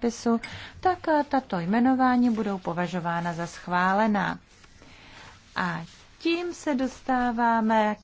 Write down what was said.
podpisu, tak tato jmenování budou považována za schválená. A tím se dostáváme